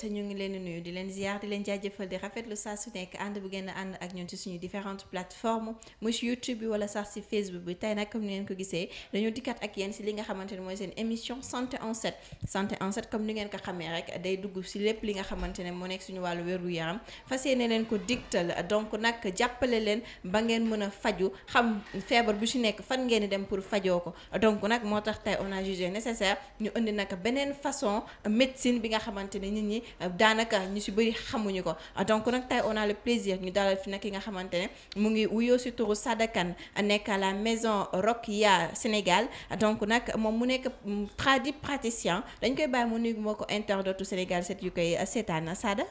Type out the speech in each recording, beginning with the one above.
te ñu ngi leen di nuyu di leen ziar di leen jaajëfal di rafetlu saa su nekk ànd bu gën a ànd ak ñun ci suñu différentes plateformes muy si YouTube bi wala si Facebook bi tey nag comme ni ngeen ko gisee dañoo dikkat ak yéen si li nga xamante ne mooy seen émission santé en 7 santé en 7 comme ni ngeen ko xamee rek day dugg si lépp li nga xamante ne moo nekk suñu wàllu wéru yaram fas ne leen ko digtal donc nag jàppale leen ba ngeen mën a faju xam feebar bu si nekk fan ngeen di dem pour fajoo ko donc nag moo tax tey on a jugé nécessaire ñu indi nag beneen façon médecine bi nga xamante ne nit ñi daanaka ñu si bëri xamuñu ko donc nag tey on a le plaisir ñu dalal fi nag yi nga xamante ne mu ngi wuyoo si turu Sada Kane nekk à la maison Rokia Sénégal donc nag moom mu nekk tradipraticien dañ koy bàyyi mu nuyu moo ko internaute Sénégal set yu koy seetaan Sada.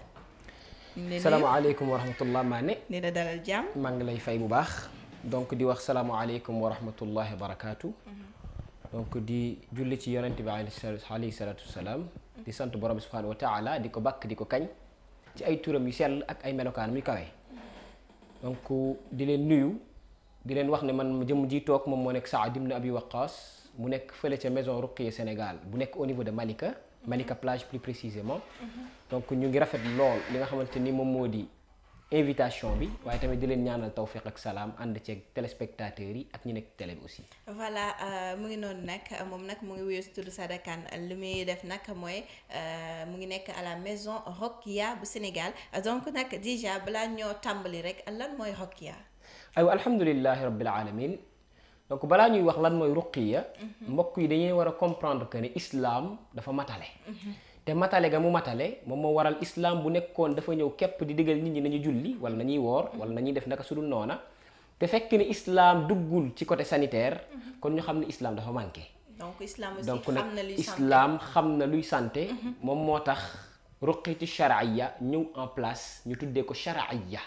salaamaaleykum wa rahmatullah Mané. nee na dalal jàmm. maa ngi lay fay bu baax. donc di wax salaamaaleykum wa rahmatullahi wa barakaatu. Mhm. donc di julli ci yonent bi alayhi salaatu wa salaam. di sant borom subhaanahu wa taala di ko bakk di ko kañ ci ay turam yu sell ak ay melokaan muy kawe donc di leen nuyu di leen wax ne man jëm ji toog moom moo nekk Saad ibn Abi Waqqas mu nekk fële ca maison Ruqiyya Sénégal bu nekk au niveau de Malika Malika plage plus précisément mhm. donc ñu ngi rafet lool li nga xamante ni moom moo di invitation bi waaye tamit di leen ñaanal tawfiq ak salaam ànd ceeg téléspectateurs yi ak ñu nekk télé bi aussi. voilà euh, mu ngi noonu nag moom nag mu ngi wuyu si sa Sada Kane li muy def nag mooy euh, mu ngi nekk à la maison Rokia bu Sénégal donc nag déjà balaa ñoo tàmbali rek lan mooy Rokia. aywa alhamdulilahi rabbil donc balaa ñuy wax lan mooy ruqiya mhm. mbokk yi dañuy war a comprendre que ne islam dafa matale. Mhm. te matale ga mu matale moom moo waral islaam bu nekkoon dafa ñëw képp di digal nit ñi nañu julli wala nañuy woor wala nañuy def su sudul noona te fekk ni islaam duggul ci côté sanitaire mhm. kon ñu xam ne islam dafa manqué donc islam aussi xam na luy santé islam xam na luy santé mhm. moom moo tax ruqiyatu shar'iyya ñëw en place ñu tuddee ko shar'iyya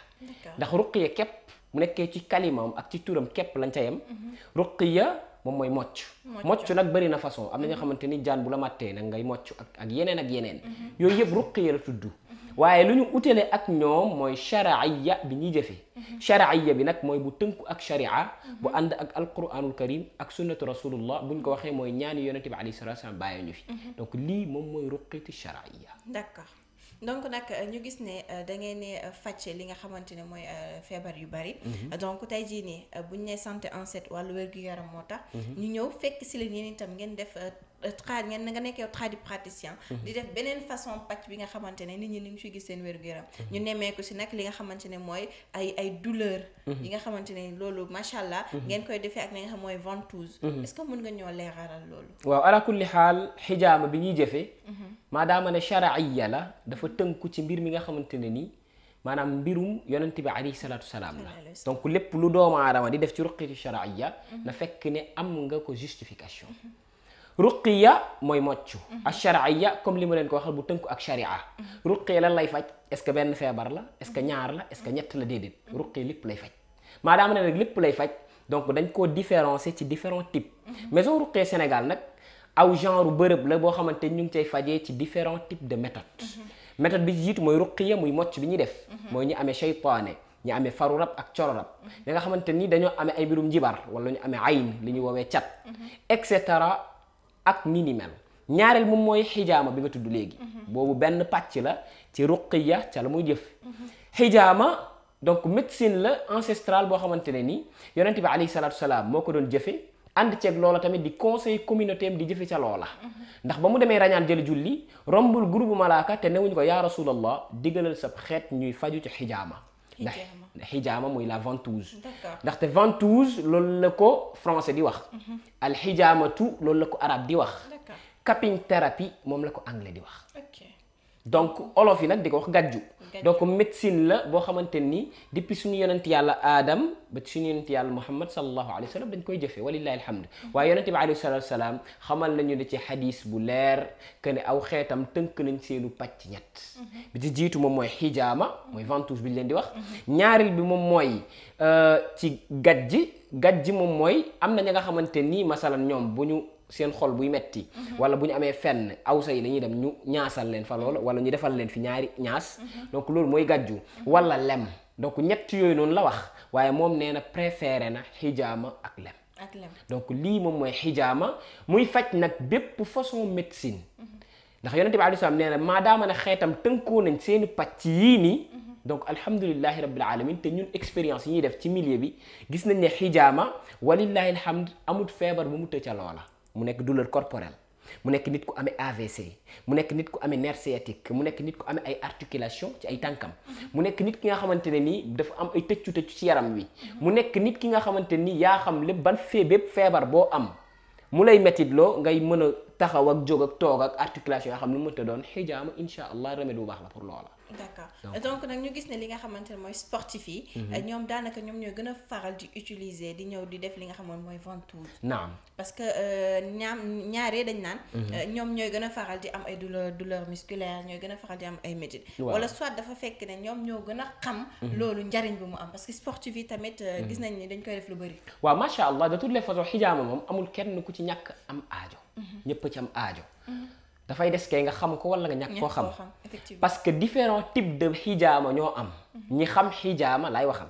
ndax ruqiya képp mu nekkee ci kalimam ak ci turam képp lañ ca yem mhm. ruqiya moom mooy mocc mocc nag bëri na façon am na ñoo xamante ni jaan bu la màttee na ngay mocc ak yeneen ak yeneen mhm. yooyu yëpp ruqiya la tudd mhm. waaye lu ñu utale ak ñoom mooy shariya bi ñuy jëfee mhm. shariya bi nag mooy bu tënku ak sharia bu ànd ak alquranul karim ak sunnatu bu ñu ko waxee mooy ñaani yonente bi alayhi salatu wasalam ñu fi donc lii moom mooy ruqiyatu shariya d'accord donc nag euh, ñu gis ne euh, da ngeen ne euh, fàcc li nga xamante ne mooy feebar yu bari. Mhm. donc tey jii nii bu ñu nee santé en set wàllu wér-gu-yaram moo tax. Mhm. ñu ñëw fekk si leen yéen itam ngeen def trad ngeen nga nekk yow tradipraticien mhm. di def beneen façon pàcc bi nga xamante ne nit ñi ni ngi ciy gis seen wér-gu-yaram mhm. ñu nemmeeku si nag li nga xamante ne mooy ay ay douleur mhm. yi nga xamante ne loolu macha allah ngeen koy defee xam mooy ventouse est-ce que mën nga ñoo leeralal loolu waaw ala kulli xaal xijaama bi ñuy jëfee maadaama ne chariya la dafa tënku ci mbir mi nga xamante ne nii maanaam mbirum yonent bi alayhi salaatu salaam la donc lépp lu doomu aadama di def ci ruqiti chariya na fekk ne am nga ko justification ruqiya mooy mocc mhm. ya comme li ma leen ko waxal bu tënku ak sharia mhm. ruqiya lan lay faj est-ce que benn feebar la est-ce que mhm. ñaar la est-ce que ñett la déedéet ruqiya lépp lay faj maadaama ne nag lépp lay faj donc dañ koo différencier ci différents types maison ruqiya Sénégal nag aw genre bërëb la boo xamante ñu ngi cay fajee ci différents types de méthodes méthode bi ci jiitu mooy ruqiya muy mocc bi ñuy def mooy ñu amee cheytaane ñu amee faru rab ak coro rab ñi nga xamante nii dañoo amee ay mbirum njibar wala ñu amee ayn li ñu woowee cat et ak ni ni mel ñaareel moom mooy xijaama bi nga tudd léegi mhm. boobu benn pàcc la ci ruqiya ca la muy jëf xijaama donc médecine la ancestrale boo xamante ne nii yonent bi alayhi salaatu salaam moo ko doon jëfe ànd ceeg loola tamit di conseil communauté am di jëfe ca loola mhm. ndax ba mu demee rañaan jël julli rombul groupe malaaka te newuñu ko yaa rasulallah digalal sab xeet ñuy faju ci xijaama ndax xijaama muy la ventouse. ndaxte ventouse loolu la ko français di wax. Mhm. alxijaamatu loolu la ko arabe di wax. capping thérapie moom la ko anglais di wax. donc olof yi nag di ko wax gàjju donc médecine la boo xamante ni depuis suñu yonent yàlla aadam ba suñu yonent yàlla muhammad sallallahu alayhi wa sallam dañ koy jëfee walillahi alhamd mhm. waaye yonent bi alayhi salatu salaam xamal nañu ne ci xadis bu leer que ne aw xeetam tënk nañ seenu pàcc ñett mhm. bi ci jiitu moom mooy xijaama mooy ventouse bi ñu leen di wax mhm. ñaaril bi moom mooy euh, ci gàjji gàjji moom mooy am na ña nga xamante nii masalan ñoom seen xol buy metti mhm. wala bu ñu amee fenn awsa yi dañuy dem ñu ñaasal leen fa lool wala ñu defal leen fi ñaari ñaas mhm. donc loolu mooy gàjju mhm. wala lem donc ñett yooyu noonu la wax waaye moom nee na préféré na xijaama ak lem ak donc lii moom mooy xijaama muy faj nag bépp façon médecine ndax yonente bi alayhi salaam nee na maadaama ne xeetam tënkoo nañ seeni pàcc yii nii donc alhamdulilahi rabbil alamin te ñun expérience yi ñuy def ci milieu bi gis nañ ne xijaama walillahi alhamd amut feebar bu mu tëcca loola mu nekk douleur corporelle mu nekk nit ku amee AVC mu nekk nit ku amee nerf sciatique mu nekk nit ku amee ay articulation ci ay tànkam mu nekk nit ki nga xamante ne nii dafa am ay tëccu tëccu ci yaram wi mu nekk nit ki nga xamante ni yaa xam lépp ban fee bépp feebar boo am mu lay metit loo ngay mën a taxaw ak jóg ak toog ak articulation yoo xam ne lu mënta doon xijaama incha allah remède bu baax la pour loola. d'accord donc nag ñu gis ne li nga xamante ne mooy sportif yi. Mhm. ñoom daanaka ñoom ñooy gën a faral di di ñëw li nga xam ne mooy ventouse. naam parce que euh, ñaam ñaaree dañ naan. Mhm. Euh, ñoom ñooy gën a faral di am ay douleur douleur musculaire ñooy gën a faral di am ay métit. wala soit dafa fekk ne ñoom ñoo gën a xam. Mhm. loolu njariñ bi mu am parce que sportif yi tamit. Euh, gis nañ ni dañ koy def lu bëri. waaw macha allah de toutes les façons xijaama moom amul kenn Mm-hmm. ñëpp ci am aajo. Mm-hmm. dafay des kay nga xam ko wala nga ñàkk koo xam. parce que différents types de xijaama ñoo am. Mm-hmm. ñi xam xijaama laay waxal.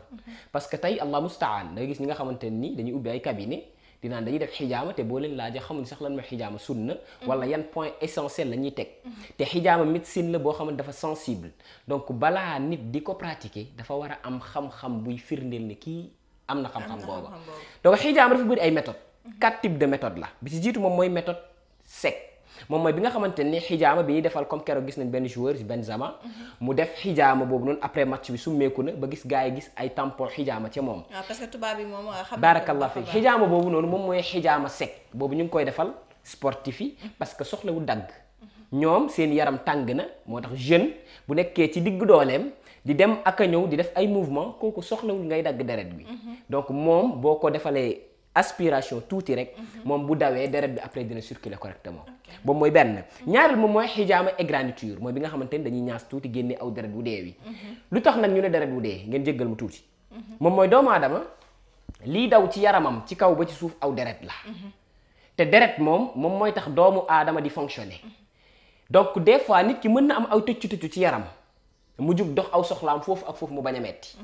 parce que tey allah mustaan da gis ñi nga xamante nii dañuy ubbi ay cabinet di naan dañuy def xijaama te boo leen laajee xamuñ sax lan mooy xijaama sunna wala yan point essentiel la ñuy teg. te xijaama médecine la boo xamante dafa sensible donc balaa nit di ko pratiquer dafa war a am xam-xam buy firndeel ne kii am na xam-xam boobu. donc ay méthodes. quatre types de méthode la bi ci jiitu moom mooy méthode sec moom mooy bi nga xamante ni xijaama bi ñuy defal comme keroog gis nañ benn joueur Benzema mhm. mu def xijaama boobu noonu après match bi summeeku na ba gis gars yi gis ay tampon xijaama moom. waaw ah, parce que tubaab bi moom ah, xam baarakallah fi xijaama boobu noonu moom mooy xijaama sec boobu ñu ngi koy defal sportif yi mhm. parce que soxlawu dagg. Mhm. ñoom seen yaram tàng na moo tax jeune bu nekkee ci diggu dooleem di dem ak a ñëw di def ay mouvement kooku soxlawul ngay dagg deret bi donc moom boo ko defalee. aspiration tuuti rek mhm. moom bu dawee deret bi après dina circuler correctement moom mooy benn ñaareel moom mooy xijaama égratignure mooy bi nga xamante ni dañuy ñaas tuuti génne aw deret bu dee wi mhm. lu tax nag ñu ne deret bu dee ngeen jéggal mu tuuti mhm. moom mooy doomu aadama lii daw ci yaramam ci kaw ba ci suuf aw deret la te deret moom moom mooy tax doomu aadama di fonctionner donc des fois nit ki mën na am aw tëccu tëccu ci yaram mu jug dox aw soxlaam foofu ak foofu mu bañ a metti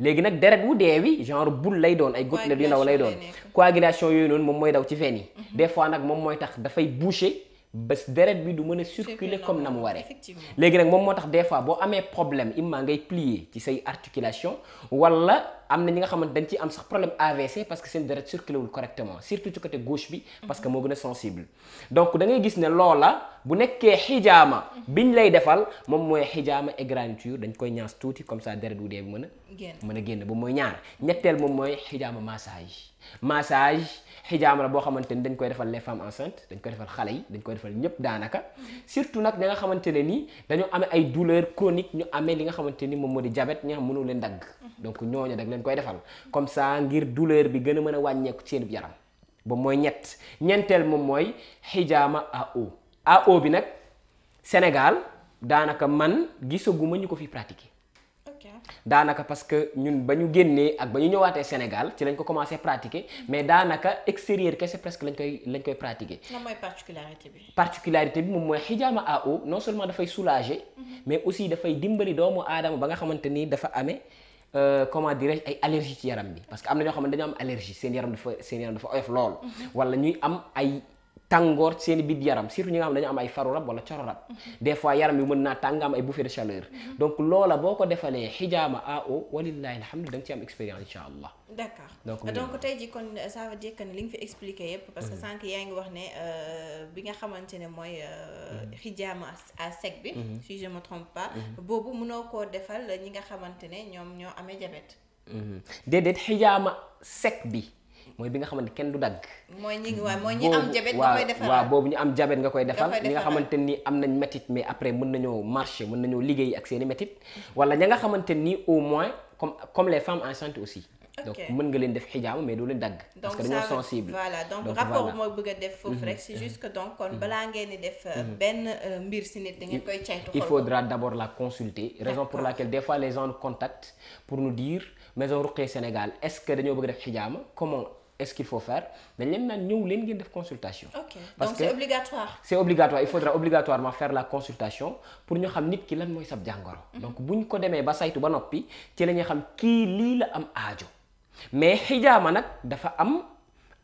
léegi nag deret wu dee genre boule lay doon ay gouttelette yu ndaw lay doon coagulation yooyu noonu moom mooy daw ci veine yi mhm. des fois nag moom mooy tax dafay bouché ba deret bi du mën a circuler comme na mu waree léegi nag moom moo tax des fois boo amee problème imma ngay plier ci say articulation wala am na ñi nga xamante dañ ciy am sax problème AVC parce que seen deret circulé wul correctement surtout ci côté gauche bi parce que moo gën a sensible donc da ngay gis ne loola bu nekkee xijaama mhm. biñ lay defal moom mooy xijaama et graniture dañ koy ñaas tuuti comme ça deret wu dee bi mën a mën a génn bu mooy ñaar ñetteel moom mooy xijaama massage massage xijaama la boo xamante ni dañ koy defal les femmes enceintes dañ koy defal xale yi dañ koy defal ñëpp daanaka mhm. surtout nag ñi nga xamante ne ni dañoo amee ay douleur chronique ñu amee li nga xamante ni moom moo di diabète ñi nga xam mënu leen dagg mhm. donc ñooñu dag ñu koy defal comme ça ngir douleur bi gën a mën a wàññeeku seen yaram ba mooy ñett ñenteel moom mooy xijaama AO AO bi nag Sénégal daanaka man gisaguma ñu ko fi pratiquer. daanaka parce que ñun ba génnee ak ba ñu ñëwaatee Sénégal ci lañ ko commencé pratiquer mais daanaka extérieur kese presque lañ koy lañ koy pratiquer. lan mooy particularité bi. moom mooy xijaama AO non seulement dafay soulager. Mhm. mais aussi dafay dimbali doomu aadama ba nga xamante nii dafa amee. Euh, comment dirais ay allergie ci yaram bi parce que am na ñoo xam ne dañoo am allergie seen yaram dafa seen yaram dafa oyof lool mhm. wala ñuy am ay tàngoor seen bit yaram surtout ñi nga xam dañu am ay faru rab wala coro rab mhm. des fois yaram bi mën naa tàng am ay bouffée de chaleur mhm. donc loola boo ko defalee xijaama ao walillahi alhamdu da nga ci am expérience d' accord donc ah, donc kon euh, ça veut li nga fi expliqué yépp parce que mhm. sànq yaa wax ne euh, bi nga xamante ne mooy euh, xijaama a sec bi si je me trompe pas boobu mënoo koo defal ñi nga xamante ne ñoom ñoo amee jabet déedéet xijaama sec bi mooy bi nga xamante kenn du dagg. mooy ñi waaw mooy ñi am jabet nga koy defal waaw boobu ñu am jabet nga koy defal ñi nga xamante ni am nañ métit mais après mën nañoo marcher mën nañoo liggéey ak seen i métit wala ña nga xamante ni au moins comme les femmes enceintes aussi. donc mën nga bëgg a def foofu rek c'est mhm. juste que donc kon mhm. balaa ngeen di def euh, mhm. benn euh, mbir si nit da koy caytu il faudra d'abord la consulter raison pour laquelle des fois les gens nous contactent pour nous dire maison Rokhaya Sénégal est-ce que dañoo bëgg def xijaama est-ce qu'il faut faire dañ leen naan ñëw leen ngeen def consultation. ok parce donc c'est obligatoire. c'est obligatoire il faudra obligatoirement faire la consultation pour ñu xam nit ki lan mooy sab jàngoro. Mhm. donc bu ñu ko demee ba saytu ba noppi ci la ñuy xam kii lii la am aajo mais xijaama nag dafa am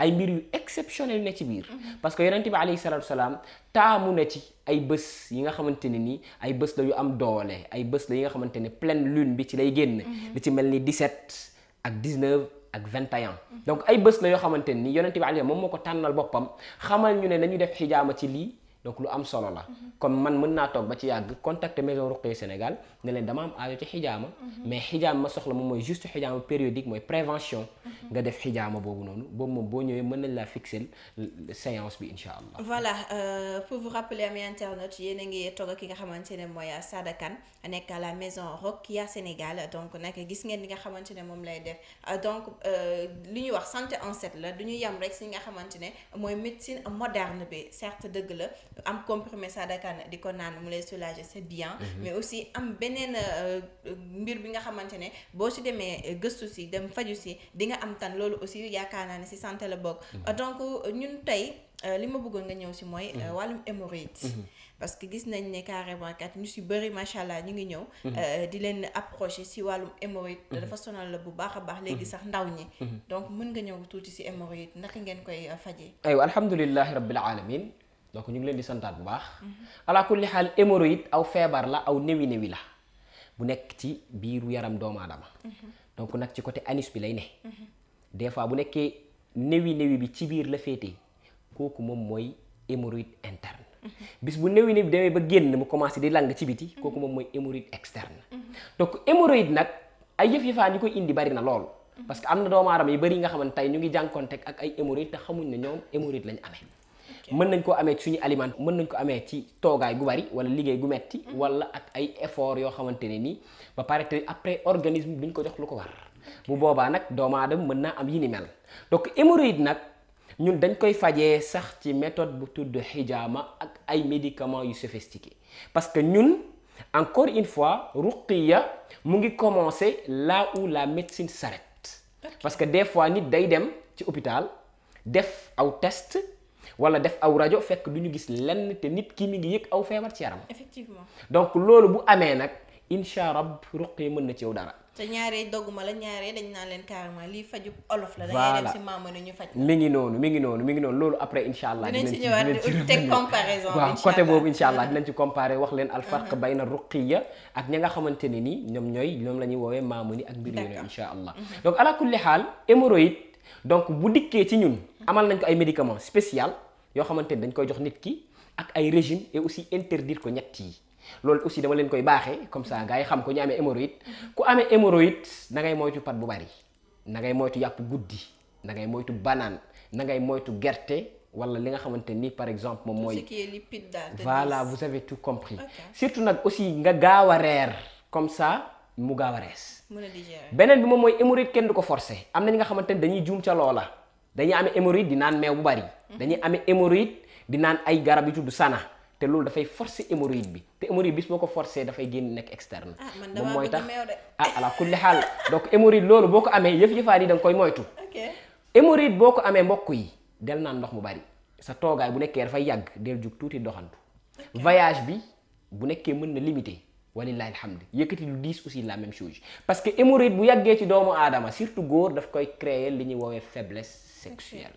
ay mbir yu exceptionnel ne ci biir. Mhm. parce que yonent bi alayhi salaatu salaam taamu na ci ay bés yi nga xamante ni nii ay bës la yu am doole ay bés la yi nga xamante ne plen lune bi ci lay génn. Mhm. li ci mel ni 17 ak 19. ak 21 donc ay bés la yoo xamante ni yonente bi alayhi moom moo ko tànnal boppam xamal ñu ne nañu def xijaama ci lii donc lu am solo la. comme man mën naa toog ba ci yàgg contacter maison Roqe Sénégal ne dama am aajo ci xijaama. Mhm. mais xijaama ma soxla moom mooy juste xijaama périodique mooy prévention. Mhm. nga def xijaama boobu noonu boobu moom boo ñëwee mën nañ laa fixer séance bi incha allah. voilà euh, pour vous rappeler ami internaute yéen a ngi ki nga xamante ne mooy Sada Kane nekk a la maison Roqia Sénégal donc nag gis ngeen li nga xamante ne moom lay def euh, donc euh, li ñuy wax santé en set la du ñu yem rek si nga xamante ne mooy médecine moderne bi certes dëgg la. am comprimé ça dakaan di ko naan mu lay soulager c'est bien. Mhm. mais aussi am beneen euh, euh, mbir bi nga xamante ne boo si demee euh, gëstu si dem faju si di nga am tan loolu aussi yaakaar naa ne si santé la bokk. Mhm. donc ñun tey li ma bëggoon nga ñëw si mooy. Mhm. wàllum hémorroïde. parce que gis nañ ni carrément kat ñu si bëri macha allah ñu ngi ñëw. di leen approché si wàllum yit dafa sonal la bu baax a baax. léegi sax ndaw ñi. donc mën nga ñëw tuuti si hémorroïde naka ngeen koy fajee. aywa alhamdulilah rabbil alamin donc ñu ngi leen di santaat bu baax. Mhm. ala kulli xaal hémorroïde aw feebar la aw néwi néwi la bu nekk ci biiru yaram doomu mhm. donc nag ci côté anus bi lay ne. Mhm. des fois bu nekkee néwi néwi bi ci biir la féetee kooku moom mooy hémorroïde interne. bis bu néwi néwi bi demee ba génn mu commencé di lang ci biti kooku moom mooy hémorroïde externe. donc hémorroïde nag ay yëf-yëfaan yi koy indi bari na lool. parce que am na doomu aadama yu bari yi nga xamante tey ñu ngi jànkonteeg ak ay hémorroïde te xamuñ ne ñoom hémorroïde lañ amee. mën nañ ko amee suñu aliment mën nañ ko amee ci toogaay gu bari wala liggéey gu metti mhm. wala ak ay effort yoo xamante ne nii ba pare te après organisme duñ ko jox lu ko war bu boobaa nag doomu aadama mën naa am yi ni mel donc hémorroïde nag ñun dañ koy fajee sax ci méthode bu tudd xijaama ak ay médicaments yu sophistiqué parce que ñun encore une fois ruqiya mu ngi commencer la où la médecine s'arrête parce que des fois nit day dem ci hôpital def aw test wala def aw rajo fekk du ñu gis lenn te nit ki mi ngi yëg aw feebar ci yaram. effectivement donc loolu bu amee nag incha rab ruqee mën na ci dara. te ñaaree dogguma la ñaaree dañ naan leen carrément lii faju olof la. voilà da ngay dem si maama ñu faj. mi ngi noonu mi ngi noonu mi ngi noonu loolu après incha allah. dinañ ci ñëwaat waaw côté boobu incha allah dinañ ci comparer wax leen alfarq mhm. bay na ruqiya ak ña nga xamante ne ni ñoom ñooy ñoom la ñuy woowee maamuni ak mbir yooyu. incha allah mhm. donc ala kulli donc bu dikkee ci ñun amal nañ ko ay médicament spécial yoo xamante ni dañ koy jox nit ki ak ay régime aussi interdire ko ñett yi loolu aussi dama leen koy baaxee comme ça gars xam ko ñu amee hémorroïde ku amee hémorroïde na ngay moytu pat bu bari na ngay moytu yàpp guddi na ngay moytu banaan na ngay moytu gerte wala li nga xamante ni par exemple moom mooy voilà vous avez tout compris surtout nag aussi nga gaaw a reer comme ça mu gaaw a rees beneen bi moom mooy hémorroïde kenn du ko forcer am na ñi nga xamante ne dañuy juum ca loola dañuy amee hémorroïde di naan meew bu bari mhm. dañuy ame hémorroïde di naan ay garab yu tudd sana te loolu dafay forcer hémorroïde bi te bis boo ko forcer dafay génn nekk externe ah, moom mooy tax ah ala kulli xaal donc hémorroïde loolu boo ko amee yëf-yëfaat yi da koy moytu hémorroïde boo ko amee mbokk yi del naan ndox mu bari sa toogaay bu nekkee dafay yàgg del jug tuuti doxantu voyage bi bu nekkee mën na limité walillahi alhamdi yëkkati lu diis aussi la même chose parce que hémorroïde bu yàggee ci doomu aadama surtout góor daf koy créer li ñuy woowee faiblesse sexuelle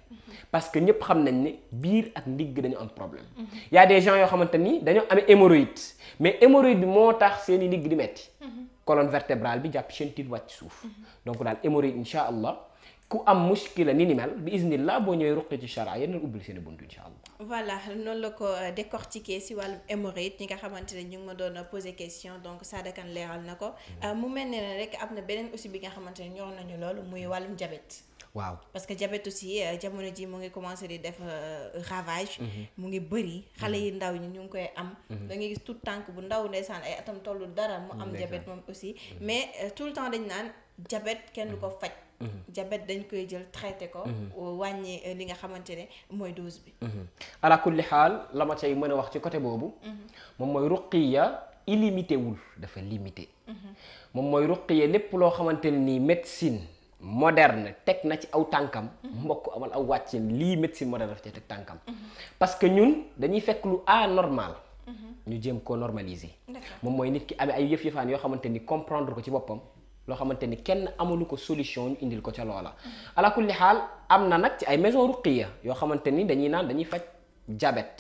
parce que ñëpp xam nañ ni biir ak ndigg dañu am problème mhm. yaa a des gens yoo xamante ni dañoo amee hémorroïde mais hémorroïde bi moo tax seen i ndigg di metti mhm. colonne vertébrale bi jàpp seen chentil wàcc suuf mhm. donc daal hémorroïde incha allah ku am muskila ni ni mel bi iznillah boo ñëwee ruqi ci shara yéen ubbil seen buntu incha allah. voilà noonu la ko euh, décortiquer si wàllu hémorroïde nga xamante ne ñu ngi ma doon poser question donc Sada Kane leeral na ko mm-hmm. euh, mu mel ne nga xamante nañu loolu muy wàllum diabète. waaw parce que diabète euh, jamono ji mu ngi commencé di def ravage. Mm-hmm. mu ngi bëri xale yi mm-hmm. ndaw ñi ñu ngi koy am. da ngay gis tout tànk bu ndaw ndeysaan ay atam tollu dara. mu am diabète moom aussi mais tout le temps dañ naan diabète kenn ko faj. Mm-hmm. jabet dañ koy jël traité ko. Mm-hmm. wàññee euh, li nga xamante ne mooy dose bi. Mm-hmm. ala kulli xaal la ma cay mën a wax ci côté boobu. moom mooy ruqiya illimité wul dafa limité. moom mooy ruqiya lépp loo xamante ne nii médecine moderne teg na ci aw tànkam. mbokk amal aw wàcceen lii médecine moderne daf cee teg tànkam. parce que ñun dañuy fekk lu anormal. ñu jéem koo normaliser. moom mooy nit ki amee ay yëf-yëfaan yoo xamante ni comprendre ko ci boppam. loo xamante ni kenn amulu ko solution ñu indil ko ca loola. ala kulli xaal am na nag ay maison ruqiya yoo xamante ni dañuy naan dañuy faj jabet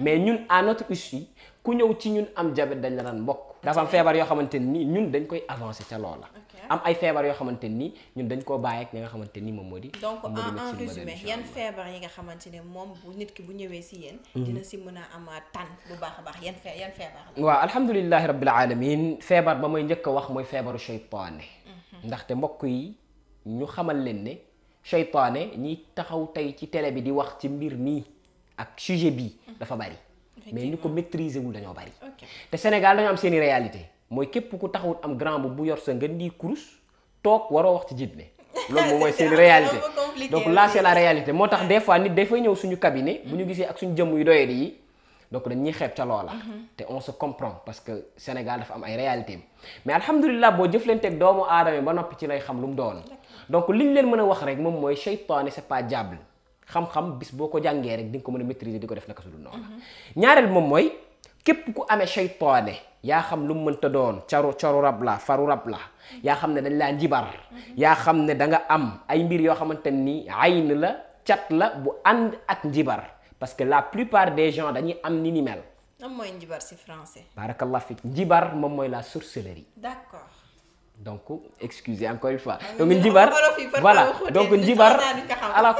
mais ñun à notre issue ku ñëw ci ñun am diabète dañ la daan mbokk dafa am feebar yoo xamante ni ñun dañ koy avancé ca loola am ay feebar yoo xamante ni ñun dañ koo bàyyi ak ñi nga ni moom moo di donc en résumé yan feebar yi nga xamante ne moom bu nit ki bu ñëwee si yéen mhm. dina si mën a am tànn bu baax a baax yan fe yan feebar la waaw alhamdulilahi rabbil alamin feebar ba may njëkk a wax mooy feebaru seytaane mhm. ndaxte mbokk yi ñu xamal leen ne seytaane ñiy taxaw tey ci tele bi di wax ci mbir mii ak sujet bi mhm. dafa bari mais ñu ko maîtriser wul dañoo bari. te Sénégal dañoo am seen i réalité mooy képp ku taxawut am grand bu bu yor sa ngën di kurus toog waroo wax ci jiit ne. loolu mooy seen réalité donc là c'est la réalité moo tax des fois nit dafay ñëw suñu cabinet bu ñu gisee ak suñu jëmm yu doyadi yi donc dañuy xeeb ca loola. Mhm. te on se comprend parce que Sénégal dafa am ay réalité mais alhamdulilah boo jëflanteeg doomu aadama ba noppi ci lay xam lu mu doon donc liñ leen mën a wax rek moom mooy seytaane c'est pas xam-xam bis boo ko jàngee rek di nga ko mën a maîtriser di ko def naka su dul noonu ñaareel moom mooy képp ku amee seytaane yaa xam lu mu mënta doon caru caru rab la faru rab la yaa xam ne dañ laa njibar yaa xam ne da nga am ay mbir yoo xamante ni ayn la cat la bu ànd ak njibar parce que la plupart des gens dañuy am ni ni mel. lan mooy njibar ci français. barakallah fi njibar moom mooy la sorcellerie. d'accord. donc excusez encore une fois ah donc njibar voilà donc njibar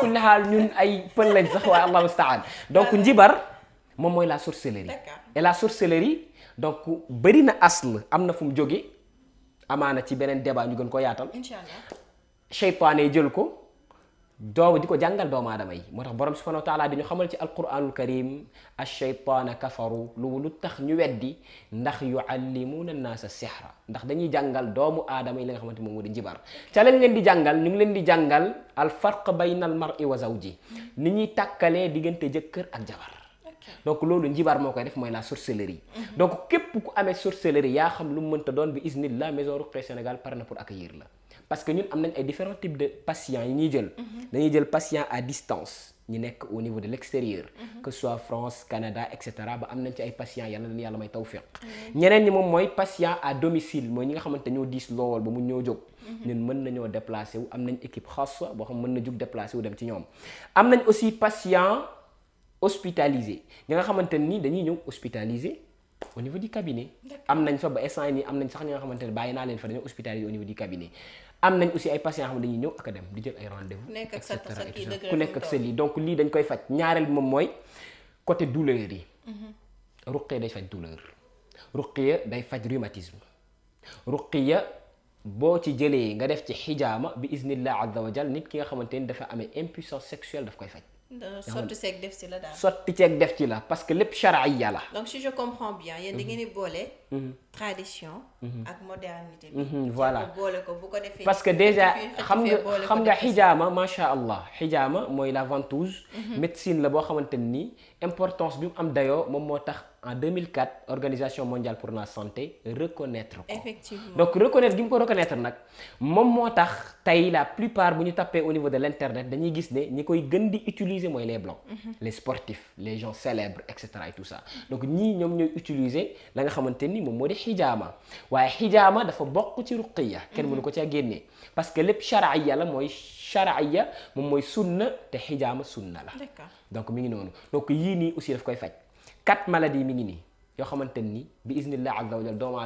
kulli xaal ñun ay pël lañ sax waaye allah mustaan donc njibar moom mooy la sorcellerie et la sorcellerie donc bëri na asl am na fu mu jóge amaana ci beneen débat ñu gën ko yaatal incha allah seytaane jël ko doomu di ko jàngal doomu aadama yi moo tax borom subhanahu wa taala di ñu xamal ci al alquranul karim ashaytaana kafaru lu lu tax ñu weddi ndax yuallimuuna naasa sihra ndax dañuy jàngal doomu aadama yi li nga xamante moom moo di njibar ca lañ leen di jàngal ñu ngi leen di jàngal al farq bayna al i wa zawji ni ñuy tàkkalee diggante jëkkër ak jabar donc loolu njibaar moo koy def mooy la sorcellerie mhm. donc képp ku amee sorcellerie yaa xam lu mu mënta doon bi isnillah maison Rokhaya Sénégal pare na pour accueillir la parce que ñun am nañ ay différents types de patients yi ñuy jël mhm. dañuy jël patient à distance ñu nekk au niveau de l'extérieur mhm. que ce soit France Canada et cetera ba am nañ ci ay patients yal na leen yàlla may tawfiq ñeneen ñi moom mooy patient à domicile mooy ñi nga xamante ñoo diis lool ba mu ñoo jóg ñun mën nañoo wu am nañ équipe xaas boo xam mën na jug déplacé wu dem ci ñoom hospitalisé ñi nga xamante nii dañuy ñëw hospitalisé au niveau du cabinet am nañ fa ba instant nii am nañ sax ñi nga xamante ne bàyyi naa leen fa dañoo hospitalisé au niveau du cabinet am nañ aussi ay patients xam ne dañuy ñëw ak dem di jël ay rendez-vous et cetera ku nekk ak sa lii donc lii dañ koy faj ñaareel bi moom mooy coté douleur yi mhm. ruqiya day faj douleur ruqiya day faj rhumatisme ruqiya boo ci jëlee nga def ci xijaama bi iznillah azza wa jal nit ki nga xamante ni dafa amee impuissance sexuelle daf koy faj Euh, sotti ceeg def ci la daal sotti ceeg def ci la parce que lépp charia la. donc si je comprends bien yéen da ngeen di boole. Mm-hmm. tradition. Mhm. ak modernité bi. Mhm, voilà boole ko bu ko defee parce que déjà xam nga xam nga xijaama macha allah xijaama mooy la ventouse. Mhm. médecine la boo xamante ni importance bi mu am dayoo moom moo tax en 2004 organisation mondiale pour la santé reconnaître ko. effectivement donc reconnaître gi mu ko reconnaître nag moom moo tax tey la plupart bu ñu tappee au niveau de l' internet dañuy gis ne ñi koy gën di utiliser mooy les blancs. les sportifs les gens célèbres et donc ñii ñoom ñooy utiliser la nga xamante ni moom moo di xijaama waaye xijaama dafa bokk ci ruqiya kenn mënu ko caa génnee parce que lépp sharaiya la mooy sharaiya moom mooy sunna te xijaama sunna la donc mi ngi noonu donc yii nii aussi daf koy faj quatre maladies mi ngi nii yoo xamante ni bi iznillah azza wa a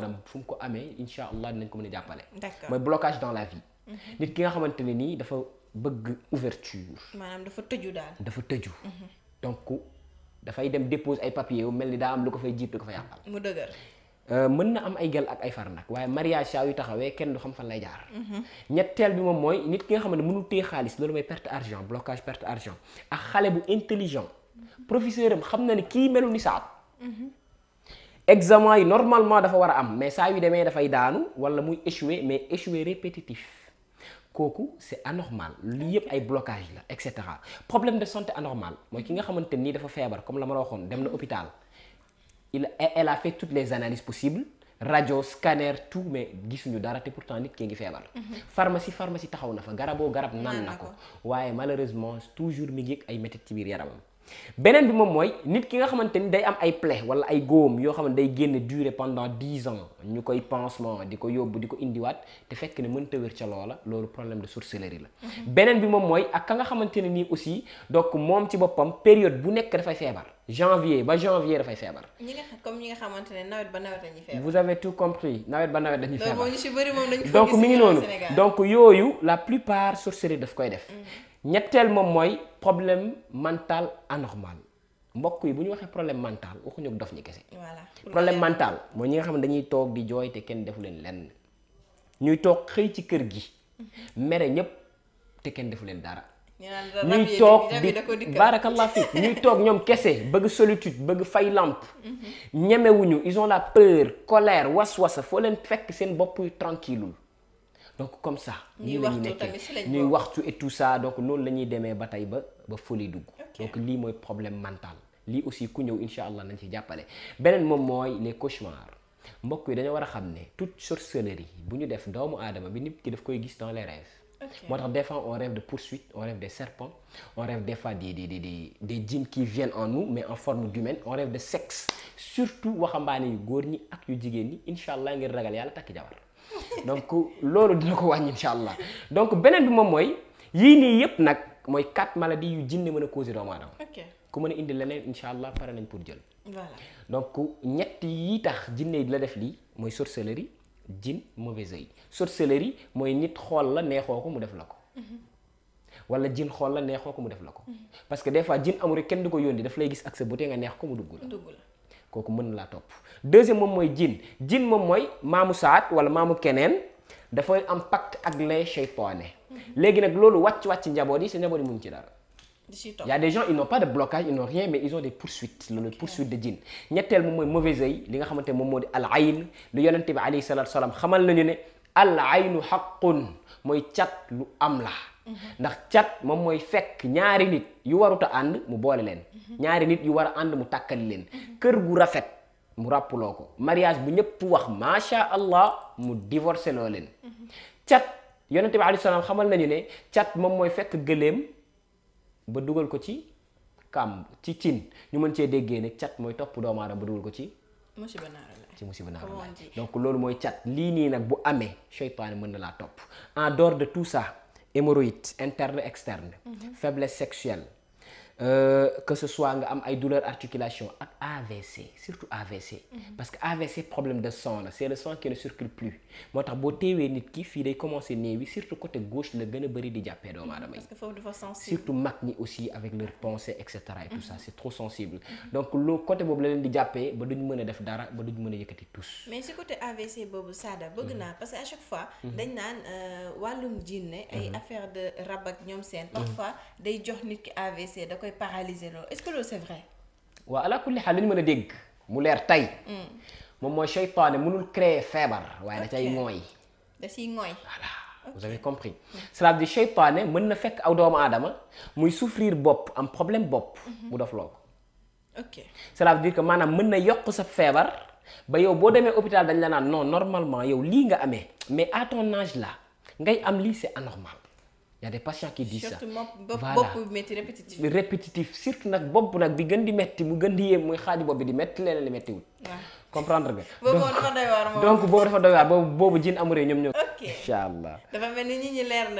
la vie mhm. nit ki nga xamante ne nii dafa bëgg ouverture maanaam dafa tëju daal dafa tëju mhm. donc dafay dem dépose ay papier wu mel ni daa am lu ko fay jiitu ko fa yàqal Euh, mën na am ay gel ak ay far nag waaye mariage saa yu taxawee kenn du xam fan lay jaar. Mhm. ñetteel bi moom mooy nit ki nga xam ne mënul téye xaalis loolu mooy perte argent blocage perte argent ak xale bu intelligent. Mhm. professeur am xam na ne kii melu ni saab. Mhm. examen yi normalement dafa war a am mais saa yu demee dafay daanu wala muy échouer mais échouer répétitif kooku c'est anormal lii yëpp ay blocage la et cetera problème de santé anormal mooy ki nga xamante nii dafa feebar comme la ma la waxoon dem na hôpital. il elle a fait toutes les analyses possibles rajo scanner tout mais gisuñu dara te pourtant nit ki ngi feebar. pharmacie pharmacie taxaw na fa garaboo garab naan na ko. waaye malheureusement toujours mi ngi ay métit ci biir yaramam. beneen bi moom mooy nit ki nga xamante ni day am ay plaie wala ay góom yoo xam ne day génn durée pendant dix ans ñu koy pansement di ko yóbbu di ko indiwaat te fekk ne mënta wér ca loola loolu problème de sorcellerie la. Mhm. beneen bi moom mooy ak ka nga xamante ne nii aussi donc moom ci boppam période bu nekk dafay feebar. janvier ba janvier dafay feebar. comme ñi nga xamante ne nawet ba nawet dañuy feebar. vous avez nawet ba nawet dañuy feebar. donc mu ngi noonu donc yooyu la plupart sorcellerie daf koy def. Mhm. ñetteel moom mooy problème mental anormal mbokk yi bu ñu waxee problème mental waxuñu dof ñi kese. voilà problème mental mooy ñi nga xam ne dañuy toog di jooy te kenn defu leen lenn ñuy toog xëy ci kër gi. Mhm. mere ñëpp te kenn defu leen dara. ñuy toog di baarakallah fi ñuy toog ñoom kese bëgg solitude bëgg fay lampe. Mhm. ñemewuñu ison la peur colère was-wasa foo leen fekk seen bopp tranquille donc comme ça. ñuy waxtu tamit si waxtu et tout ça donc noonu la ñuy demee ba tey ba ba folie dugg. donc lii mooy problème mental. lii aussi ku ñëw incha allah nañ ci jàppale beneen moom mooy les cauchemars mbokk yi dañoo war a xam ne toute sorcellerie bu ñu def doomu aadama bi nit ki daf koy gis dans les rêves. moo tax des fois on rêve de poursuite on rêve des serpents on rêve des fois des des des des djinns qui viennent en nous mais en forme d'humaine on rêve de sexe surtout waxambaane yu góor ñi ak yu jigéen ñi incha allah ngir ragal yàlla takk jabar donc loolu dina ko wàññi incha allah donc beneen bi moom mooy yii nii yëpp nag mooy quatre maladies yu jinne mën a causer doomu aadama ku mën a indi leneen incha allah pare nañ pour jël. voilà donc ñett yi tax jinne di la def lii mooy sorcellerie jin mauvais oeil sorcellerie mooy nit xool la neexoo ko mu def la ko. Mhm. wala jin xool la neexoo ko mu def la ko. Mhm. parce que des fois jin kenn du ko yónni daf lay gis ak sa beauté nga neex ko mu dugg la. kooku mën na laa topp deuxième moom mooy jin jin moom mooy maamu saat wala maamu keneen dafay am pacte ak les seytaane mhm. léegi nag loolu wàcc wàcc njaboot yi sa njaboot yi mënuñ ci dara y a des gens ils n'ont pas de blocage ils n'ont rien mais ils ont des poursuites loolu poursuite de jin ñetteel moom mooy mauvais œil li nga xamante moom moo di al ayn lu yonente bi alayhi salatu salaam xamal nañu ne al aynu xaqun mooy cat lu am la Mhm. ndax cat moom mooy fekk ñaari nit yu waruta ànd mu boole leen mhm. ñaari nit yu war a ànd mu tàkkali leen mhm. kër gu rafet mu ràppuloo ko mariage bu ñëpp wax macha allah mu divorcé loo leen cat yonente bi alayhi salaam xamal nañu ne cat moom mooy fekk gëléem ba dugal ko ci kàmb ci cin ñu mën cee déggee ne cat mooy topp doomu aadama ba dugal ko ci musiba naara la ci musiba naara la donc loolu mooy cat lii nii nag bu amee seytaane mën na laa topp en dehors de tout ça hémorroïdes interne externe. Mhm. faiblesse sexuelle Euh, que ce soit nga am ay douleur articulation ak AVC surtout AVC. Mhm. parce que AVC problème de sang la c'est le sang qui ne circule plus moo tax boo teewee nit ki fii day commencer néew surtout côté gauche la gën a bëri di jàppee doomu mhm, aadama yi. parce que foofu dafa sensible mhm. donc loo côté boobu la leen di jàppee ba duñ mën a def dara ba duñ mën a yëkkati tous. mais si côté AVC boobu Sada bëgg naa parce que à chaque fois. dañ naan euh, wàllum jinne ay affaire paralyser loolu est-ce que loolu c'est vrai. waaw ala kulli xaal li ñu mën a dégg mu leer tey. Hmm. moom mooy seytaane mënul créer feebar. waaye da cay mooy. da ciy mooy. voilà vous avez compris. Hmm. cest à mën na fekk aw doomu aadama muy souffrir bopp am problème bopp. Mhm. mu def loo ko. ok cela veut dire que maanaam mën na yokk sa feebar ba yow boo demee hôpital dañ la naan non normalement yow lii nga amee mais à ton âge ngay am lii c'est anormal. y a des patients qui disent ça voilà bopp métti répétitif. répétitif surtout nag bopp nag di boobu dafa dafa doy waar boobu na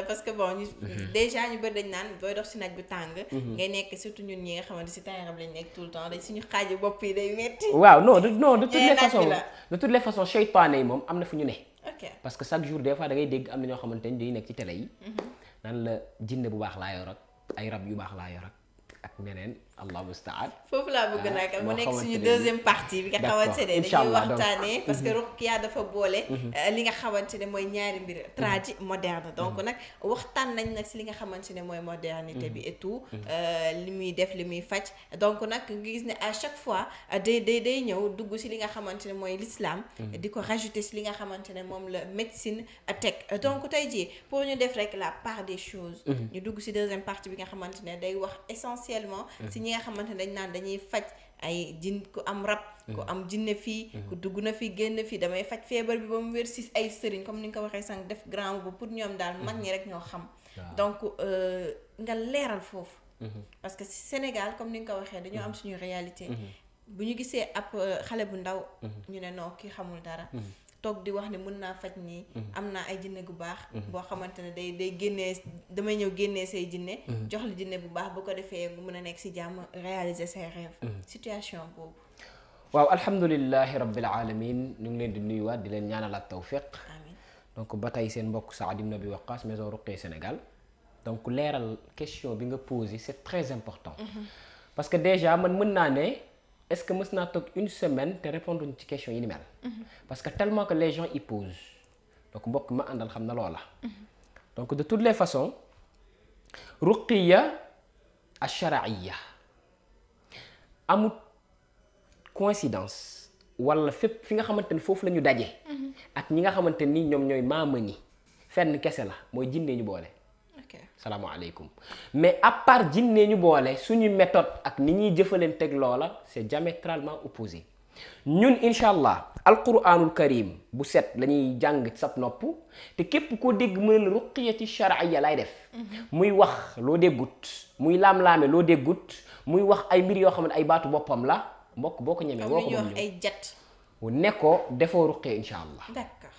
parce que bon ñu. Mhm. déjà ñu bëri dañ naan booy dox si naaj bu tàng. Mhm. ngay nekk surtout ñun ñi nga xamante si tàngaram lañ nekk tout le temps dañ suñu xaaju bopp yi day métti. waaw non de non de toutes les yi moom am na fu ñu ne. ok parce que chaque jour des fois da dégg am na ñoo xamante ni dañuy nekk ci télé yi mhm. nan la jinne bu baax la yor ak ay rab yu baax laa yor ak ak allah mustaan foofu laa bëgg ah, nag mu nekk suñu deuxième partie bi nga xamante ne dañuy waxtaanee parce que mhm. Ruqya dafa boole mhm. euh, li nga xamante ne mooy ñaari mbir mhm. tradi moderne donc nag waxtaan nañ nag si li nga xamante ne mooy modernité bi et tout euh, li muy def li muy faj donc nag nga gis ne à chaque fois euh, day day day ñëw dugg si li nga xamante ne mooy l'islam di ko rajouter si li nga xamante ne moom la médecine teg donc tey jii pour ñu def rek la part des chose ñu dugg si deuxième partie bi nga xamante ne day wax essentiellement si ñi nga xamante ne dañ naan dañuy faj ay jin ku am rab. ku mm-hmm. am jinne fii. Mm-hmm. ku dugg na fii génn fii damay faj feebar bi ba mu wér si ay sëriñ comme ni nga ko waxee sànq def grand bu pour ñoom daal mag ñi mm-hmm. rek ñoo xam. donc euh, nga leeral foofu. parce que si Sénégal comme ni nga ko waxee dañoo am suñu réalité. bu ñu gisee ab euh, xale bu ndaw. ñu ne noo kii xamul dara. toog di wax ne mën naa faj nii mhm. am naa ay jinne gu baax mhm. boo xamante ne day day génnee damay ñëw génnee say jinne mhm. jox la jinne bu baax bu ko defee nga mën a nekk si jàmm réaliser ses rêves boobu waaw alhamdulilahi rabbil alamin ñu ngi leen di nuyuwaat di leen ñaanalaat tawfiq amiin donc ba tey seen mbokk Saad Ibn Abi Waqqas maison Roqe Sénégal donc leeral question bi nga posé c'est très important naa ne est-ce que mës naa toog une semaine te répondre ci question yi ni mel. parce que tellement que les gens y posent donc mbokk ma àndal xam na loola. donc de toutes les façons ruqiya ash-shar'iyya amut coïncidence wala fépp fi nga xamante ni foofu la ñu daje. Mhm. ak ñi nga xamante ni ñoom ñooy maamani fenn kese la mooy jinne ñu boole. salaamaaleykum mais à part jinne ñu boole suñu méthode ak ni ñuy jëfalanteeg loola c'est diamétralement opposé ñun incha allah alquranul karim bu set la ñuy jàng sab nopp te képp koo dégg mu ne la ruqyati shar'iyya lay def mhm. muy wax loo déggut muy laam-laame loo déggut muy wax ay mbir yoo xam ne ay baatu boppam la mbokk boo ko ñemee boo ko mën ñëw ay jat ne ko defoo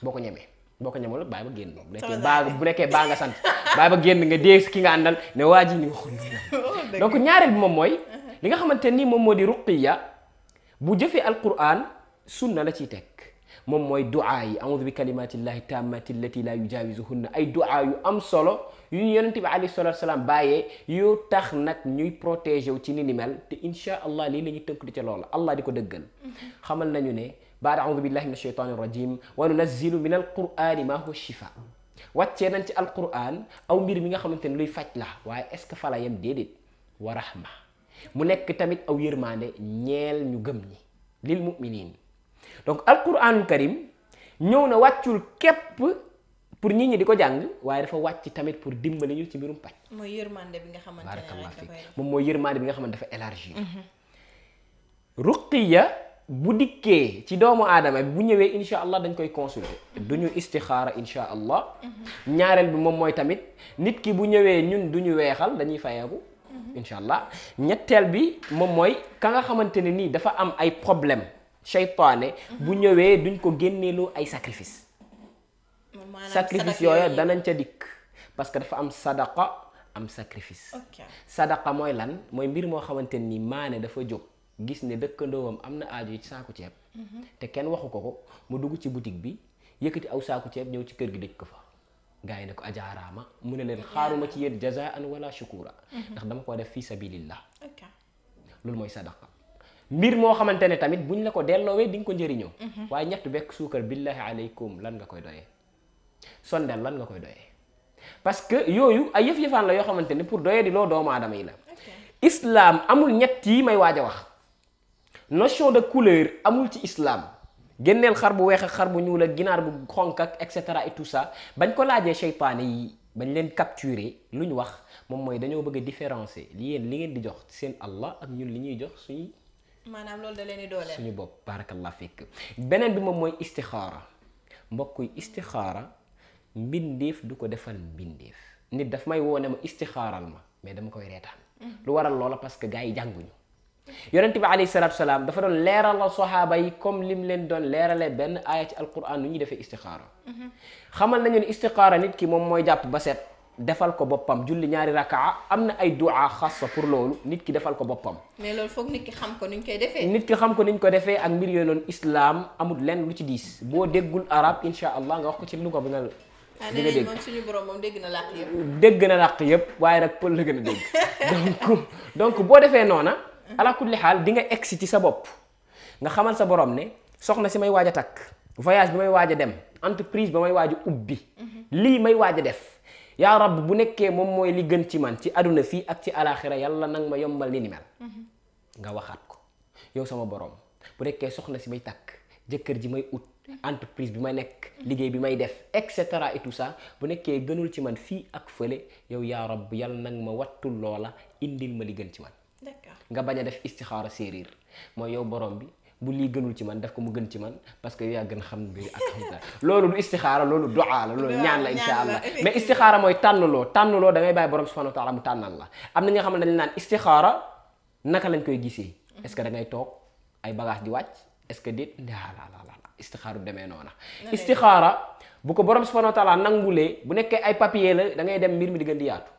boo ko ñemee boo ko ñamul bàyyi ba génn bu nekkee baa bu nekkee baa nga sant bàyyi ba génn nga dee ki nga àndal ne waa ji ni waxul oh, donc ñaareel bi moom mooy uh-huh. li nga xamante ni moom moo di ruqiya bu jëfee alquran sunna la ciy teg moom mooy duaa yi audu bi kalimatillahi tammati allati la yujaawisuhunna ay duaa yu am solo yu ñu yonente bi alayhi salatu salaam bàyyee yu tax nag ñuy protéger wu ci ni ni te insha allah lii la ñuy tënk di ca loola allah di ko dëggal uh-huh. xamal nañu ne baada audu billahi min ashaytani irrajim wa nunazzilu min alqurani ma huwa shifa wàccee nañ ci alquran aw mbir mi nga xamante ne luy faj la waaye est ce que fala yam déedéet wa rahma mu nekk tamit aw yërmande ñeel ñu gëm ñi lil muminin donc alquranul karim ñëw na wàccul képp pour nit ñi di ko jàng waaye dafa wàcc tamit pour dimbali ñu ci mbirum paj mooy yërmande bi nga xamante ne barakallah moom mooy yërmande bi nga xamante dafa élargi mhm. ruqiya bu dikkee ci doomu aadama bu ñëwee insha allah dañ koy consulter duñu istixaara insha allah ñaareel bi moom mooy tamit nit ki bu ñëwee ñun duñu weexal dañuy fayeeku insha allah ñetteel bi moom mooy ka nga xamante ne nii dafa am ay problème seytaane bu ñëwee duñ ko génneeloo ay sacrifice sacrifice yooyu danañ ca dikk parce que dafa am sadaqa am sacrifice sadaqa mooy lan mooy mbir moo xamante nii maane dafa jóg gis ne dëkkandoowam am na aaju ci saaku ceeb mhm. te kenn waxu ko ko mu dugg ci boutique bi yëkkati aw saaku ceeb ñëw ci kër gi dëj ko fa gars ne ko ajaaraama mu ne leen xaaruma ci yéen jazaan wala shukura mhm. ndax dama ko def fi sabilillah loolu mooy sadaqa mbir moo xamante ne tamit buñ la ko delloowee di nga ko njëriñoo mhm. waaye ñett bekk suukar billahi aleykum lan nga koy doyee sondeel lan nga koy doyee parce que yooyu ay yëf-yëfaan la yoo xamante ne pour doyee di loo doomu aadama yi la islam amul ñett yi may waaj a wax notion de couleur amul ci islam génneel xar bu weex ak xar bu ñuul ginaar bu xonk ak et cetera et tout bañ ko laajee seytaane yi bañ leen capturer lu ñu wax moom mooy dañoo bëgg a différencier li yéen li ngeen di jox seen Allah ak ñun li ñuy jox suñu. maanaam loolu da leen di dooleel suñu bopp barakallah fekk beneen bi moom mooy istixaara mbokk yi istixaara mbindeef du ko defal mbindeef nit daf may woone ne ma istixaaral ma mais dama koy reetaan. Mm. lu waral loola parce que gars yi jànguñu. yonent bi alayhi salaatu salaam dafa doon leeralal soxaaba yi comme lim leen doon leerale benn aaya ci alquran nu ñuy defee istixaara mhm. xamal nañu ne istixaara nit ki moom mooy jàpp ba set defal ko boppam julli ñaari rakaa am na ay xas sa pour loolu nit ki defal ko boppam. mais loolu foog nit ki xam ko ni ñu koy defee. nit ki xam ko ni ñu ko defee ak mbir yooyu noonu islam amul lenn lu ci diis boo déggul arab incha allah nga wax ko ci lu ko bi nga. di ah, nga dégg moom dégg na làq dégg na làq yëpp waaye nag pël la gën a dégg donc boo defee noona ala kulli xaal di nga egsi ci sa bopp nga xamal sa boroom ne soxna si may waaj a takk voyage bi may waaj a dem entreprise ba may waaj a ubbi lii may waaj a def yaa rab bu nekkee moom mooy li gën ci man ci àdduna fii ak ci alaxira yàlla nag ma yombal li ni mel nga waxaat ko yow sama borom bu nekkee soxna si may takk jëkkër ji may ut entreprise bi ma nekk liggéey bi may def et cetera et tout ça bu nekkee gënul ci man fii ak fële yow yaa rabb yàlla nag ma wattul loola indil ma li gën ci man nga bañ a def istixaara séeréer mooy yow borom bi bu lii gënul ci man def ko mu gën ci man parce que yow yaa gën xam mbir ak xam dara loolu du istixaara loolu duaa la loolu ñaan la insha allah mais istixaara mooy tànnloo tànnloo da ngay bàyyi borom subhanahu wa taala mu tànnal la am na ñi nga xam ne dañ naan istixaara naka lañ koy gisee mm-hmm. est-ce que da ngay toog ay bagage di wàcc est-ce que déet laa laa laa laa istixaaru demee noona istixaara bu ko borom subhanahu wa taala nangulee bu nekkee ay papier la da ngay dem mbir mi di gën di yaatu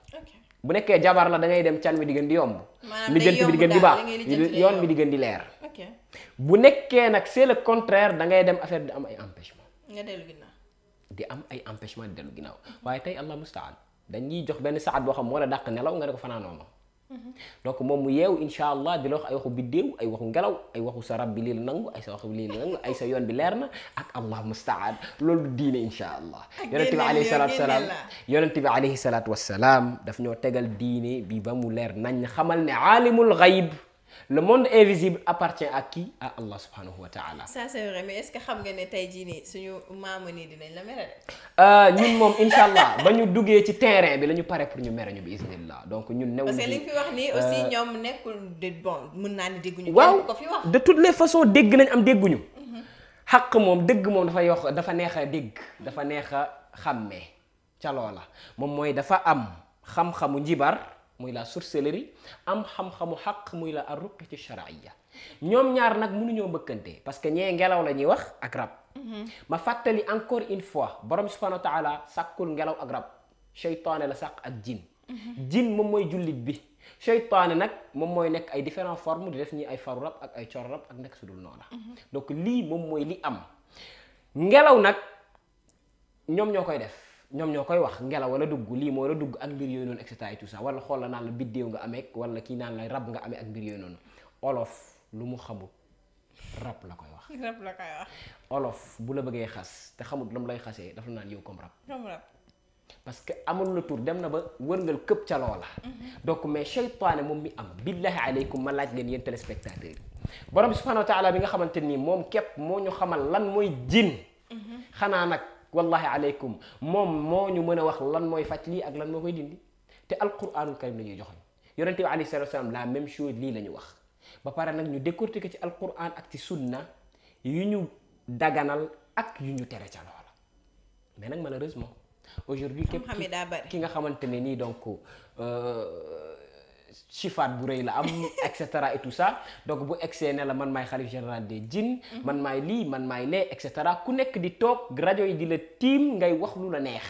bu nekkee jabar la dangay dem can bi di gën di yomb. lijjanti bi di gën di baax yoon mi di gën di leer. bu nekkee nag c'est le contraire da ngay dem affaire di am ay empêchement. nga dellu di am ay empêchement di dellu ginnaaw waaye tey allah mustaan dañuy jox benn saat boo xam moo la dàq nelaw nga ne ko fanaanoon donc moom mu yeew incha allah di la ay waxu biddéew ay waxu ngelaw ay waxu sa bi lii la nangu ay sa waxu lii la nangu ay sa yoon bi leer na ak allah mustaan loolu diine incha allah yonent bi alayhi salatu wasalaam yonent bi alayhi salatu daf ñoo tegal diine bi ba mu leer nañ xamal ne aalimul xayb le monde invisible appartient à qui à Allah subhanahu wa taala. ça c'est vrai xam nga ni tey jii nii suñu maamu nii dinañ la mere de. Euh, ñun moom incha allah ba ñu duggee ci terrain bi la ñu pare pour ñu mere ñu bi iznillah donc ñun. newul parce que li fi wax nii aussi euh, ñoom nekkul de bon mën naa ne dégguñu. waaw ko fi wax de toutes les façons dégg nañ am dégguñu. Mhm. xaq moom dégg moom dafa yox dafa neex a dégg dafa neex a xàmmee ca loola moom mooy dafa am xam-xamu muy la sorcellerie am xam-xamu xaq muy la arruqyatu shar'iyya ñoom ñaar nag mënuñoo mbëkkante parce que ñee ngelaw la ñuy wax ak rab mhm. ma fàttali encore une fois borom subhanahu wa taala sàkkul ngelaw ak rab seytaane la sàkk ak jin mhm. jin moom mooy jullit bi seytaane nag moom mooy nekk ay différentes formes di def ñi ay faru rab ak ay cor rab ak nekk su dul noona mhm. donc lii moom mooy li am ngelaw nag ñoom ñoo koy def ñoom ñoo koy wax ngelaw wala dugg lii moo la dugg ak mbir yooyu noonu et cetera et tout wala xool la naan la biddéew nga amee wala kii naan la rab nga amee ak mbir yooyu noonu olof lu mu xamul rab la koy wax. rab olof bu la bëggee xas te xamul lu lay xasee dafa naan yow comme rab. comme que amul na tour dem na ba wërngal këpp ca loola. Mhm. donc mais seytaane moom mi am billahi aleykum ma laaj leen yéen téléspectateurs yi. borom bi subhanahu wa bi nga xamante ni moom képp moo ñu xamal lan mooy jin. Mhm. xanaa nag. wallahi aleykum moom moo ñu mën a wax lan mooy faj lii ak lan moo koy dindi te alquranul karim la ñuy joxoñ yonente bi alayhi salatu wasalam la même chose lii la ñu wax ba pare nag ñu décortiquer ci alquran ak ci sunna yu ñu daganal ak yu ñu tere ca loola mais nag malheureusement aujourd'hui ki nga xamante ne nii donc euh, chifaat bu rëy la am et cetera et tout ça donc bu egsee ne la man maay xalif général des jin man maay lii man maay lee et cetera ku nekk di toog rajo yi di la tiim ngay wax lu la neex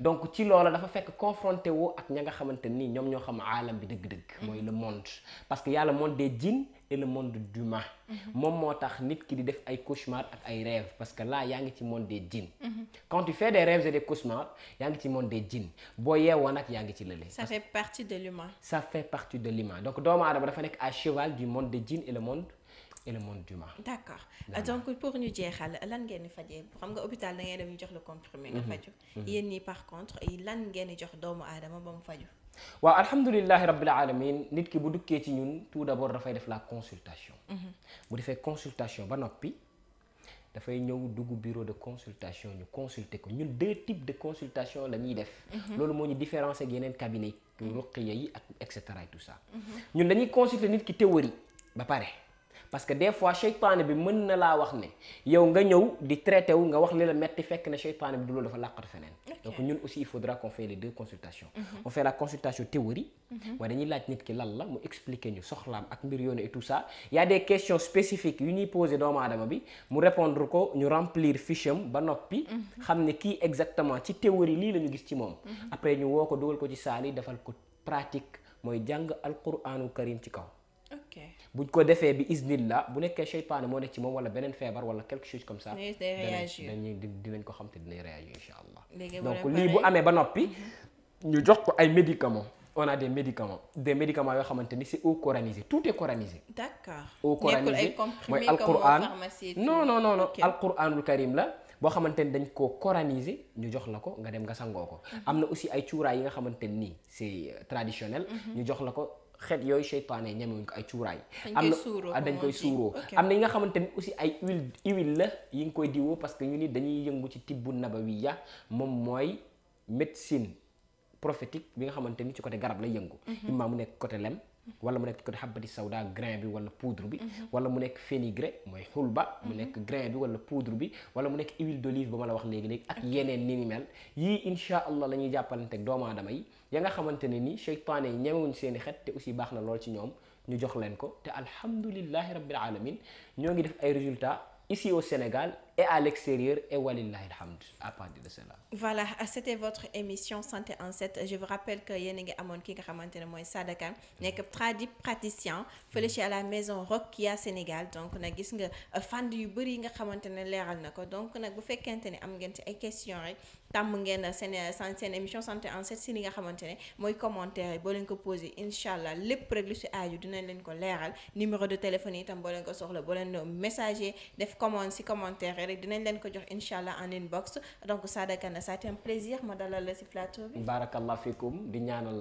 donc ci loola dafa fekk confronté woo ak ña nga xamante ni ñoom ñoo xam aalam bi dëgg-dëgg mooy le monde parce yàlla monde des jinn et le monde d'humain mhm. moom moo tax nit ki di def ay cauchemar ak ay rêves parce que là yaa ngi ci monde des djinns mhm. quand tu fais des rêves et yaa ngi ci monde de djinns boo yeewoo nag yaa ngi ci lële ça fait partie de l'humain ça fait partie de l'humain donc doomu aadama dafa nekk à cheval du monde des djinns et le monde et le monde d'humain d'accord ah, donc pour ñu jeexal lan ngeen di fajee xam nga hôpital da dem ñu jox le comprimé nga mhm. faju yéen ñi par contre lan ngeen di jox doomu aadama ba faju waaw alhamdulilahi rabbil alamin nit ki bu dukkee ci ñun tout d'abord dafay def la consultation mhm. bu defee consultation ba noppi dafay ñëw dugg bureau de consultation ñu consulter ko ñun deux types de consultation la ñuy def mhm. loolu moo ñu différencier ak yeneen cabinet mhm. ruqiya yi ak et cetera et tout ça ñun dañuy consulter nit ki théorie ba pare parce que des fois seytaane bi mën na laa wax ne yow nga ñëw di traité wu nga wax li la metti fekk ne seytaane bi du loolu dafa làqatu feneen donc ñun aussi il faudra qu'on fait les deux consultations mhm. on fait la consultation théorie mooy mhm. dañuy laaj nit ki lan la mu expliquer ñu soxlaam ak mbir yoonu et tout ça il y a des yu ñuy posé doomu aadama bi mu répondre ko ñu remplir fiche am ba noppi mhm. xam ne kii exactement ci théorie lii la ñu gis ci moom après ñu woo ko dugal ko ci saali defal ko pratique mooy jàng alquranu karim ci kaw buñ ko defee bi iznillah bu nekkee seytaane moo nekk ci moom wala beneen feebar wala quelque chose comme ça. dañuy dinañ ko xam te dinañ réagir incha allah. donc lii bu amee ba noppi. Mhm. ñu jox ko ay médicaments. on a des médicaments de médicament yoo xamante ni si eau coranisé tout est coranisé. d'accord eau coranisé mooy alquran non non non non alquranul karim la. boo xamante ni dañ ko coraniser ñu jox la ko nga dem nga sangoo ko. Mhm. am na aussi ay cuuraay yi nga xamante nii c'est euh, traditionnel. Mhm. ñu jox la ko. xeet yooyu seytaane ñemewuñ ko ay cuuraay ah, am na dañ koy suuroo am yi nga xamante ni aussi ay huile huile la yi nga koy diwoo parce que ñu ni dañuy yëngu ci tibbu nabawiya moom mooy médecine prophétique bi nga xamante ni ci côté garab lay yëngu mhm. immaa mu nekk côté lem wala mu nekk côté xabati sawda grain bi wala poudre bi mhm. wala mu nekk fenugrec mooy xulba mu mhm. nekk grain bi wala poudre bi wala mu nekk huile d'olive ba ma la wax léegi-léegi ak yeneen ni ni mel yii insha allah la ñuy jàppalante ak doomu aadama yi ya nga xamante ne ni seytaane yi ñemewuñ seeni xet te aussi baax na lool ci ñoom ñu jox leen ko te alhamdulillahi rabbil alamin ñoo ngi def ay résultat ici au Sénégal et à l'extérieur et walillahi alhamd à partir de voilà c'était votre émission santé en 7 je vous rappelle que yéen a ngi amoon ki nga xamante mooy Sada nekk tradipraticien fële ci à la maison Rokia Sénégal donc nag gis nga euh, fànn yu bëri nga xamante leeral na ko donc nag bu fekkente ne am ngeen ci ay questions rek tàmm ngeen seen seen émission santé en 7 si li nga xamante ne mooy commentaire yi boo leen ko posé incha lépp rek lu si aaju leen ko leeral pare rek dinañ leen ko jox incha allah en inbox donc Sada Kane ça a été un plaisir ma dalal la si plateau bi. barakallah fikum di mm-hmm. ñaanal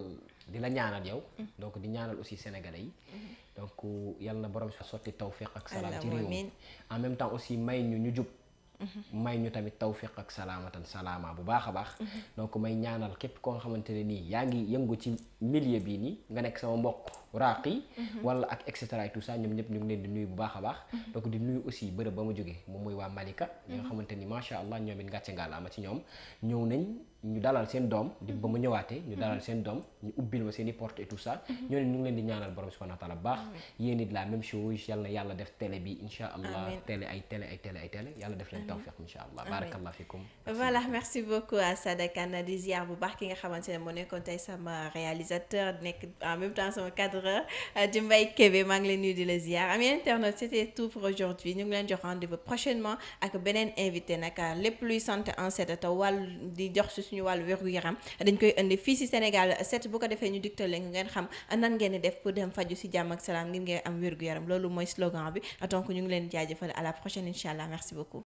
di la ñaanal yow. Mm-hmm. donc di ñaanal aussi sénégalais yi. Mm-hmm. donc yàlla na borom sotti tawfiq ak salaam ci réew mi en même temps aussi may ñu ñu jub. may ñu tamit tawfiq ak salaamatan salaama bu baax a baax. donc may ñaanal képp koo xamante ne nii yaa ngi yëngu ci. milieu bii nii nga nekk sama mbokk raaq yi mhm. ak et cetera et ñoom ñëpp ñu ngi leen di nuyu bu baax a baax mhm. donc di nuyu aussi bërëb ba ma jógee moom mooy waa Malika ñi nga mhm. xamante ni macha allah ñoom it gàcce ngaalaama ci ñoom ñëw nañ ñu dalal seen doom di ba ma ñëwaatee ñu dalal seen doom ñu ubbil ma seen i porte et tout ñoo ne ñu ngi leen di ñaanal borom subhanahu baax yéen it la même chose yal na yàlla def télé bi insha allah télé ay réalisateur nekk en même temps sama cadreur euh, di Mbaye Kébé maa ngi leen nuyu di la ziar am internet c'était tout pour aujourd'hui ñu ngi leen jox rendez-vous prochainement ak beneen invité nag lépp luy santé en set te wall di jox si suñu wàllu wér gu yaram dañ koy indi fii si Sénégal set bu ko defee ñu digtal leen ngeen xam nan ngeen di def pour dem faju si jàmm ak salaam ngir ngeen am wér gu yaram loolu mooy slogan bi donc ñu ngi leen jaajëfal à la prochaine incha allah merci beaucoup.